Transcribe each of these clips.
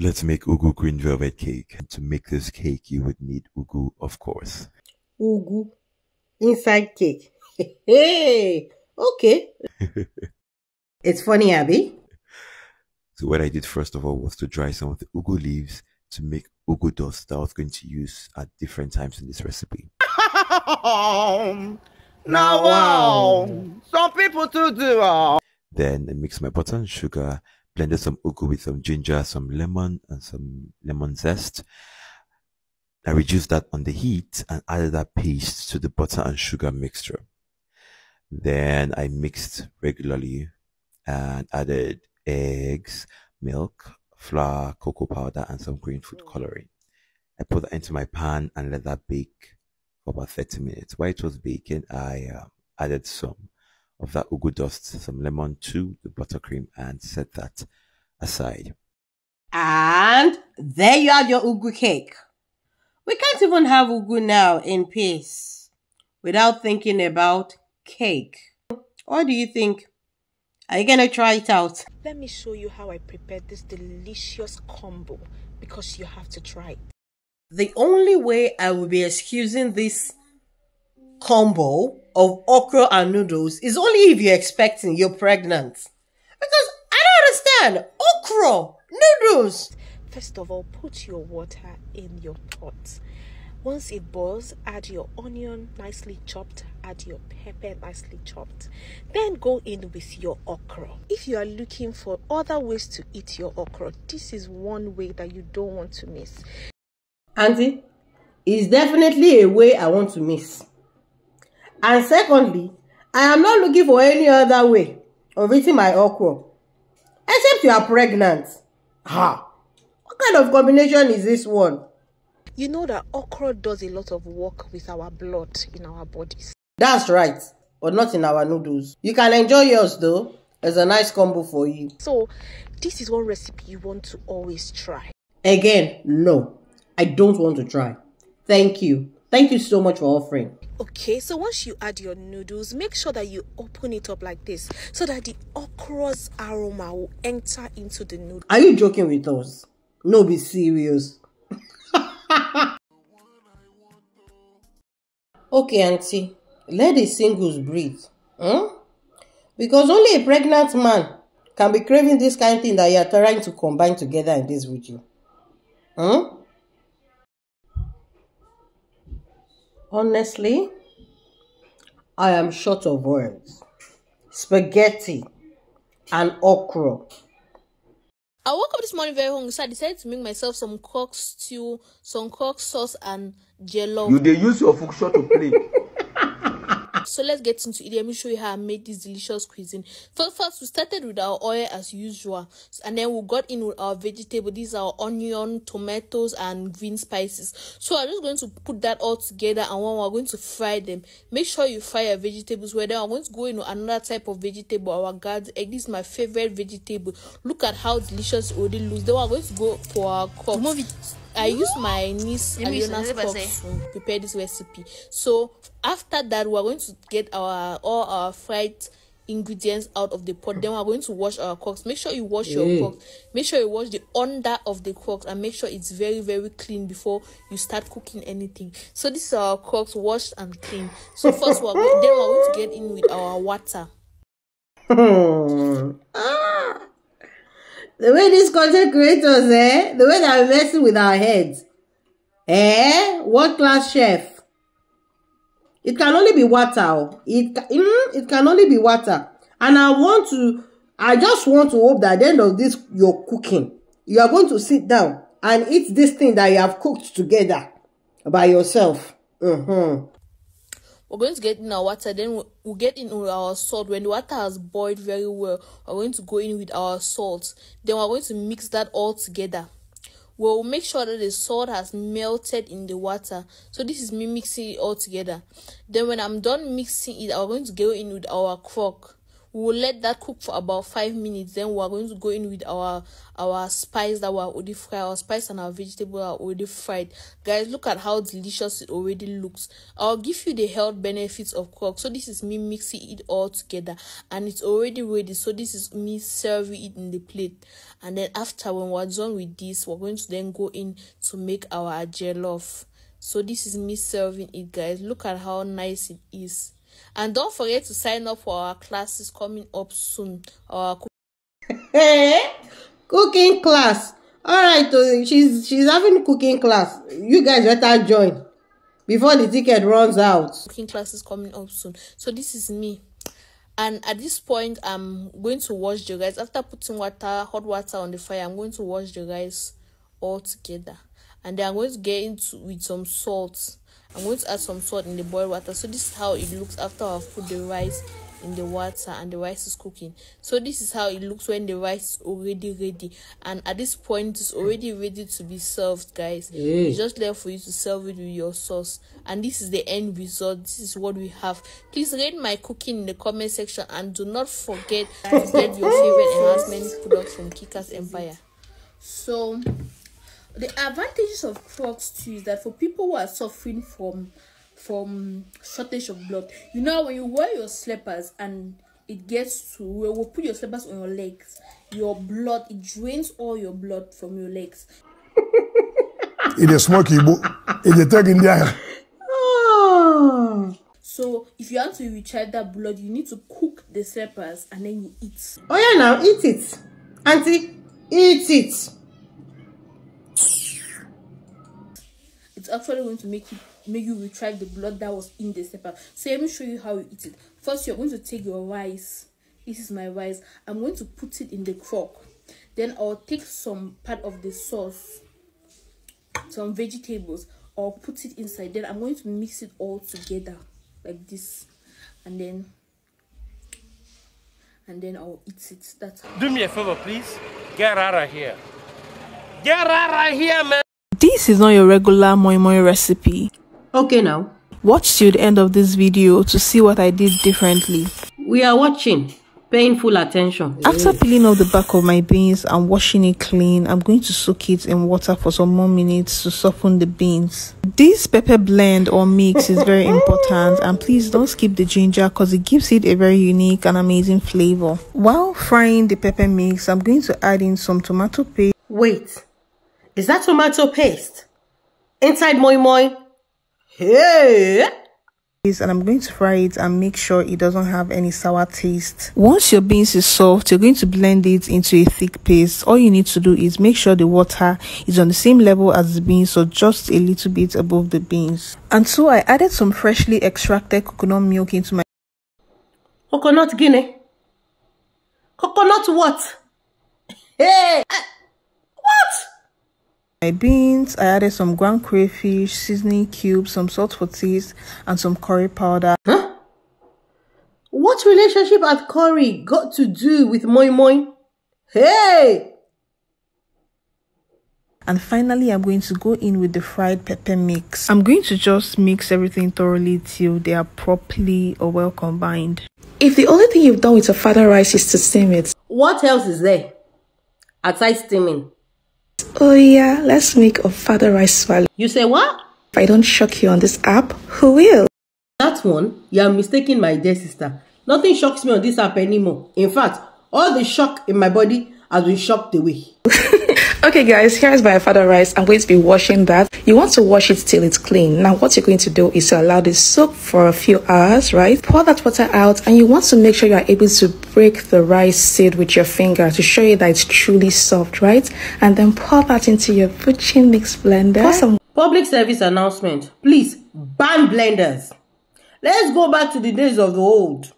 Let's make ugu green velvet cake. To make this cake, you would need ugu, of course. Ugu inside cake. Hey, okay. it's funny, Abby. So what I did first of all was to dry some of the ugu leaves to make ugu dust that I was going to use at different times in this recipe. now wow, some people do. Then I mix my butter and sugar blended some ugu with some ginger, some lemon, and some lemon zest. I reduced that on the heat and added that paste to the butter and sugar mixture. Then I mixed regularly and added eggs, milk, flour, cocoa powder, and some green food coloring. I put that into my pan and let that bake for about 30 minutes. While it was baking, I uh, added some of that ugu dust, some lemon to the buttercream and set that aside. And there you have your ugu cake. We can't even have ugu now in peace without thinking about cake. What do you think? Are you gonna try it out? Let me show you how I prepared this delicious combo because you have to try it. The only way I will be excusing this combo of okra and noodles is only if you're expecting you're pregnant. Because I don't understand. Okra, noodles. First of all, put your water in your pot. Once it boils, add your onion nicely chopped, add your pepper nicely chopped. Then go in with your okra. If you are looking for other ways to eat your okra, this is one way that you don't want to miss. Auntie, it's definitely a way I want to miss. And secondly, I am not looking for any other way of eating my okra. Except you are pregnant. Ha! What kind of combination is this one? You know that okra does a lot of work with our blood in our bodies. That's right, but not in our noodles. You can enjoy yours though. It's a nice combo for you. So, this is one recipe you want to always try. Again, no. I don't want to try. Thank you. Thank you so much for offering. okay so once you add your noodles make sure that you open it up like this so that the okra's aroma will enter into the noodle are you joking with us no be serious okay auntie let the singles breathe hmm? because only a pregnant man can be craving this kind of thing that you are trying to combine together in this video hmm? Honestly, I am short of words. Spaghetti and okra. I woke up this morning very hungry, so I decided to make myself some cock stew, some cock sauce, and jello. You dey use your fuchsia to play so let's get into it let me show you how i made this delicious cuisine first first we started with our oil as usual and then we got in with our vegetable these are our onion tomatoes and green spices so i'm just going to put that all together and when we're going to fry them make sure you fry your vegetables well then i'm going to go into another type of vegetable our garden egg this is my favorite vegetable look at how delicious it already looks then we're going to go for our cups I used my niece Aliona's box to prepare this recipe. So after that, we are going to get our all our fried ingredients out of the pot. Then we are going to wash our crocks. Make sure you wash your mm. crocks. Make sure you wash the under of the crocks and make sure it's very very clean before you start cooking anything. So this is our crocks washed and clean. So first we are going, then we are going to get in with our water. Ah. The way these content creators, eh? The way they are messing with our heads. Eh? What class chef. It can only be water. Oh. It, mm, it can only be water. And I want to, I just want to hope that at the end of this, you're cooking. You are going to sit down and eat this thing that you have cooked together by yourself. Mm-hmm. We're going to get in our water, then we'll get in with our salt. When the water has boiled very well, we're going to go in with our salt. Then we're going to mix that all together. We'll make sure that the salt has melted in the water. So this is me mixing it all together. Then when I'm done mixing it, I'm going to go in with our crock. we'll let that cook for about five minutes then we're going to go in with our our spice that were already fried our spice and our vegetable are already fried guys look at how delicious it already looks i'll give you the health benefits of cook. so this is me mixing it all together and it's already ready so this is me serving it in the plate and then after when we're done with this we're going to then go in to make our jollof so this is me serving it guys look at how nice it is And don't forget to sign up for our classes coming up soon. Our cook eh? cooking class. All right, so oh, she's she's having cooking class. You guys better join before the ticket runs out. Cooking class is coming up soon. So this is me. And at this point, I'm going to wash the rice. After putting water, hot water on the fire, I'm going to wash the rice all together. And then I'm going to get into with some salt. I'm going to add some salt in the boiled water. So this is how it looks after I've put the rice in the water and the rice is cooking. So this is how it looks when the rice is already ready. And at this point, it's already ready to be served, guys. Mm. It's just left for you to serve it with your sauce. And this is the end result. This is what we have. Please rate my cooking in the comment section and do not forget to get your favorite enhancement products from Kika's Empire. So the advantages of frogs too is that for people who are suffering from from shortage of blood you know when you wear your slippers and it gets to where you put your slippers on your legs your blood it drains all your blood from your legs it is smoky it is taking the ah. so if you want to recharge that blood you need to cook the slippers and then you eat oh yeah now eat it auntie eat it it's actually going to make it make you retrieve the blood that was in the sepal so let me show you how you eat it first you're going to take your rice this is my rice i'm going to put it in the crock then i'll take some part of the sauce some vegetables or put it inside then i'm going to mix it all together like this and then and then i'll eat it that's do me a favor please get out of here get out of here man this is not your regular moi moi recipe. Okay now. Watch till the end of this video to see what I did differently. We are watching. Paying full attention. After peeling off the back of my beans and washing it clean, I'm going to soak it in water for some more minutes to soften the beans. This pepper blend or mix is very important and please don't skip the ginger because it gives it a very unique and amazing flavor. While frying the pepper mix, I'm going to add in some tomato paste. Wait, is that tomato paste? Inside moi moi? Hey! and I'm going to fry it and make sure it doesn't have any sour taste. Once your beans is soft, you're going to blend it into a thick paste. All you need to do is make sure the water is on the same level as the beans or so just a little bit above the beans. And so I added some freshly extracted coconut milk into my coconut guinea. Coconut what? Hey! my beans, I added some ground crayfish, seasoning cubes, some salt for taste, and some curry powder. Huh? What relationship has curry got to do with moi moi? Hey! And finally, I'm going to go in with the fried pepper mix. I'm going to just mix everything thoroughly till they are properly or well combined. If the only thing you've done with your father rice is to steam it, what else is there? Aside steaming. oh yeah, let's make a father rice swallow. You say what? If I don't shock you on this app, who will? That one, you are mistaken, my dear sister. Nothing shocks me on this app anymore. In fact, all the shock in my body has been shocked away. okay guys here's my father rice i'm going to be washing that you want to wash it till it's clean now what you're going to do is to allow this soak for a few hours right pour that water out and you want to make sure you are able to break the rice seed with your finger to show you that it's truly soft right and then pour that into your butching mix blender pour some public service announcement please ban blenders let's go back to the days of the old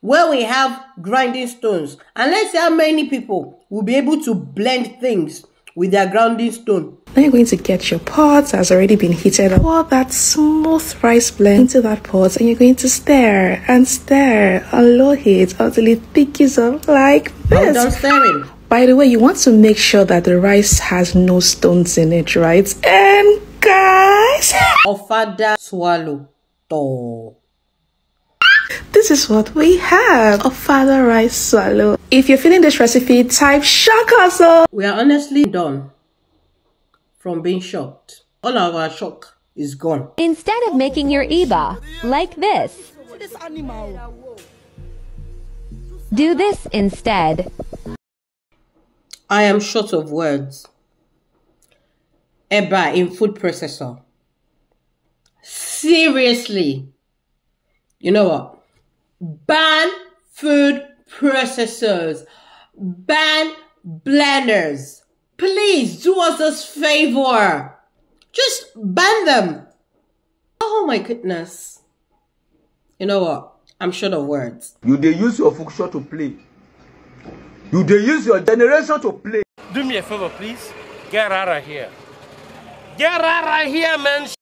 where we have grinding stones and let's see how many people will be able to blend things with their grounding stone. Now you're going to get your pot has already been heated up. Pour that smooth rice blend into that pot and you're going to stir and stir on low heat until it thickens up like this. I'm stirring. By the way, you want to make sure that the rice has no stones in it, right? And guys... Ofada swallow. Toh this is what we have a father rice swallow if you're feeling this recipe type shock we are honestly done from being shocked all of our shock is gone instead of making your eba like this do this instead i am short of words eba in food processor seriously you know what Ban food processors. Ban blenders. Please do us a favor. Just ban them. Oh my goodness. You know what? I'm short of words. You they use your function to play. You they use your generation to play. Do me a favor, please. Get out of here. Get out of here, man.